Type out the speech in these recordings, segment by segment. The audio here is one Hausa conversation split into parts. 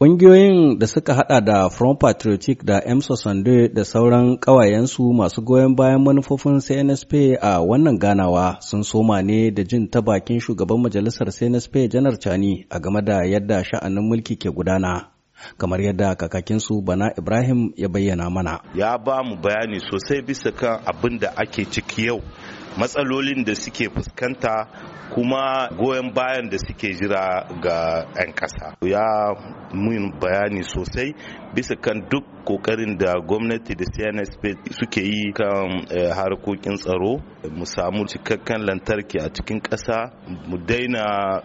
Ƙungiyoyin da suka hada da Front Patriotic da EMSO Sande da sauran ƙawayensu masu goyon bayan manufofin CNSP a wannan ganawa sun soma ne da jin ta bakin shugaban majalisar CNSP Janar Chani a game da yadda sha'anin mulki ke gudana. kamar yadda kakakinsu bana ibrahim ya bayyana mana ya ba mu bayani sosai bisa kan abin da ake ciki yau matsalolin da suke fuskanta kuma goyon bayan da suke jira ga 'yan ƙasa ya mun bayani sosai bisa kan duk kokarin da gwamnati da cnsp suke yi kan eh, harkokin tsaro mu samu cikakken lantarki a cikin ƙasa mu daina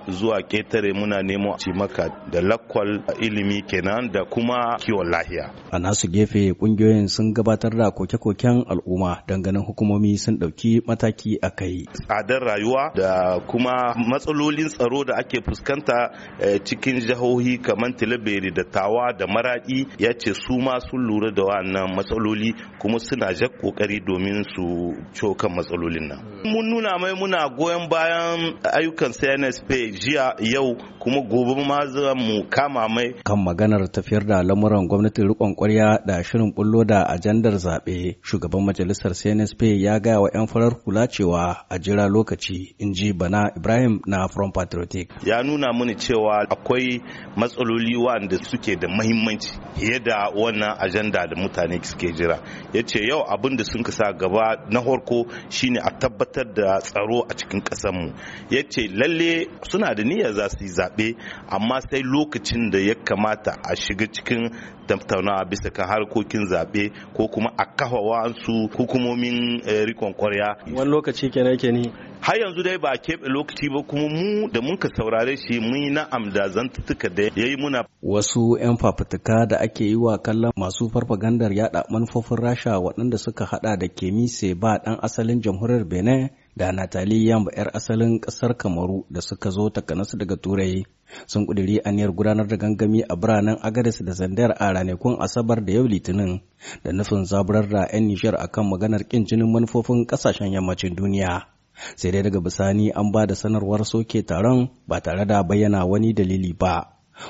zuwa ƙetare muna nemo cimaka da lakwal ilimi kenan da kuma kiwon lahiya a nasu gefe ƙungiyoyin sun gabatar da koke-koken al'umma ganin hukumomi sun ɗauki mataki a kai tsadar rayuwa da kuma matsalolin tsaro da ake fuskanta eh, cikin jihohi kamar talabere da tawa da maradi ya ce su ma sun lura da wannan matsaloli kuma suna jak kokari domin su cokan matsalolin nan mun nuna mai muna goyon bayan ayyukan cnsp jiya yau kuma gobe ma za mu kama mai kan maganar tafiyar da lamuran gwamnatin rikon kwarya da shirin bullo da ajandar zaɓe shugaban majalisar CNSP ya gaya wa 'yan farar kula cewa a jira lokaci in ji bana Ibrahim na From Patriotic ya nuna mini cewa akwai matsaloli wanda suke da mahimmanci fiye da wannan ajanda da mutane suke jira ya ce yau abin da sun kasa gaba na farko shine a tabbatar da tsaro a cikin ƙasarmu ya ce lalle suna da niyyar za su yi zaɓe zaɓe amma sai lokacin da ya kamata a shiga cikin tattaunawa bisa kan harkokin zaɓe ko kuma a kafa wasu hukumomin eh, rikon kwarya wani lokaci kenan ke ni har yanzu dai ba a keɓe lokaci ba kuma mu da muka saurare shi mun yi na'am da zantuttuka da ya yi muna. Wasu 'yan fafutuka da ake yi wa kallon masu farfagandar yaɗa manufofin Rasha waɗanda suka haɗa da Kemise ba ɗan asalin jamhuriyar Benin da Natali Yamba 'yar asalin ƙasar Kamaru da suka zo takanasu daga Turai. Sun ƙudiri aniyar gudanar da gangami a biranen Agadis da Zandar a ranakun Asabar da yau Litinin da nufin zaburar da 'yan Nijar akan maganar ƙin jinin manufofin ƙasashen yammacin duniya. sai dai daga bisani an ba da sanarwar soke taron ba tare da bayyana wani dalili ba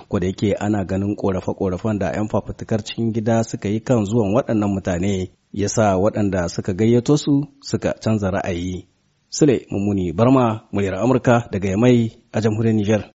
ko da yake ana ganin korafe-korafen da 'yan fafutukar cikin gida suka yi kan zuwan waɗannan mutane yasa waɗanda suka gayyato su suka canza ra'ayi sule mummuni barma muryar amurka daga yamai a jamhuriyar Nijar.